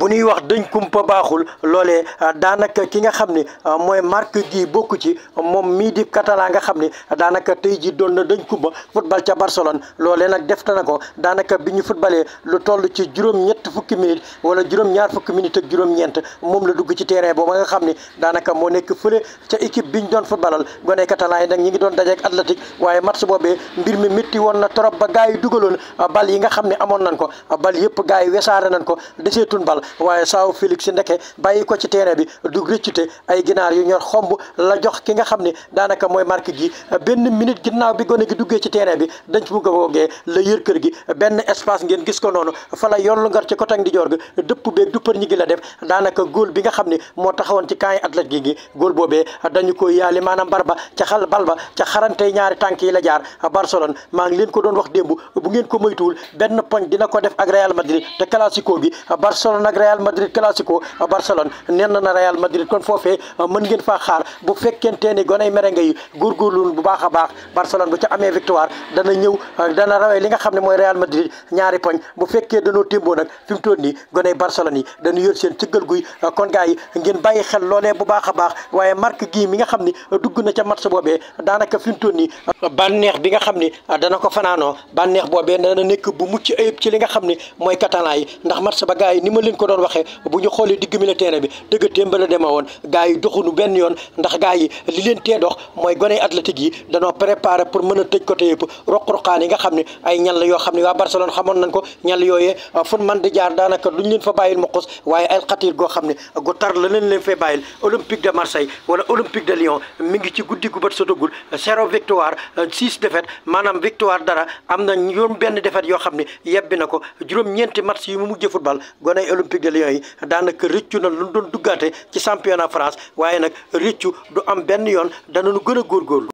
bu ñuy wax dëñ kumpa baaxul loolee ah, daanaka ki nga xam ni ah, mooy Marc Guy bokk ci moom mii di catalan nga xam ni daanaka tey ji doon na dëñ kumpa football ca Barcelone loolee nag def ta na ko daanaka bi ñu footballee lu toll ci juróom-ñett fukki minute wala juróom-ñaar fukki minute ak juróom-ñeent moom la dugg ci terrain boobu nga xam ni daanaka moo nekk fële ca équipe bi ñu doon footballal gone catalan yi nag ñi ngi doon dajeek Atlétique waaye match boobee mbir mi métti woon na trop ba gars yi dugaloon ah, bal yi nga xam ne amoon nañ ko bal yëpp gars yi wesaare nañ ko deseetun bal waaye saaw Félix ndeke bàyyi ko ci terrain bi du rëccute ay ginaar yu ñor xomb la jox ki nga xam ne daanaka mooy marque gi benn minute ginnaaw bi gone gi duggee ci terrain bi dañ ko googee la yër kër gi benn espace ngeen gis ko noonu fa la yollu ngar ci côté di joor ga dëpp beeg du për ñi gi la def daanaka góol bi nga xam ne moo taxawoon ci camp yi atlet gi gi góol boobee dañu ko yaali maanaam bar ba ca xal bal ba ca xarante ñaari tànk yi la jaar Barcelone maa ngi leen ko doon wax démb bu ngeen ko moytuwul benn poñ dina ko def ak Real Madrid te ak Real Madrid classico Barcelone nen mën ngeen faa xaar bu fekkente ni goney merengue yi góorgóorlu bu baax a baax Barcelone bu ca amee victoire dana ñëw dana rawee li nga xam ne mooy Real Madrid ñaari poñ bu fekkee danoo témboo nag fi mu toll nii goney Barcelone yi dañu yor seen cëggal guy kon gars yi ngeen bàyyi xel loolee bu a baax waaye marque dugg na ca match boobee daanaka fi mu toll nii bànneex bi nga xam ni dana ko fanaanoo bànneex boobee dana nekk bu mucc ayib ci li nga xam ni mooy catalan yi ndax match ba gars yi ni ko doon waxee bu ñu digg mi la terrain bi dëgg démb la woon gars yi doxuñu benn yoon ndax gars yi li leen tee dox mooy gone atlétique yi danoo préparé pour mën a tëj côté yëpp roq-roqaan yi nga xam ne ay ñan yoo xam ne waa Barcelone xamoon nañ ko ñan la yooyee fun man di jaar daanaka duñ leen fa bàyyil ma xos waaye ay xatiir goo xam ne gu tar la leen leen fee bàyyil olympique de marseille wala olympique de lyon mi ngi ci guddi gu bët sotagul zéro victoire six défaite maanaam am na yoon benn défaite yoo xam ne yebbi na ko juróom ñeenti match yi mu mujjee olympique de yi daanaka rëccu na lu doon duggaate ci championnat France waaye nag rëccu du am benn yoon danañu gën a góorgóorlu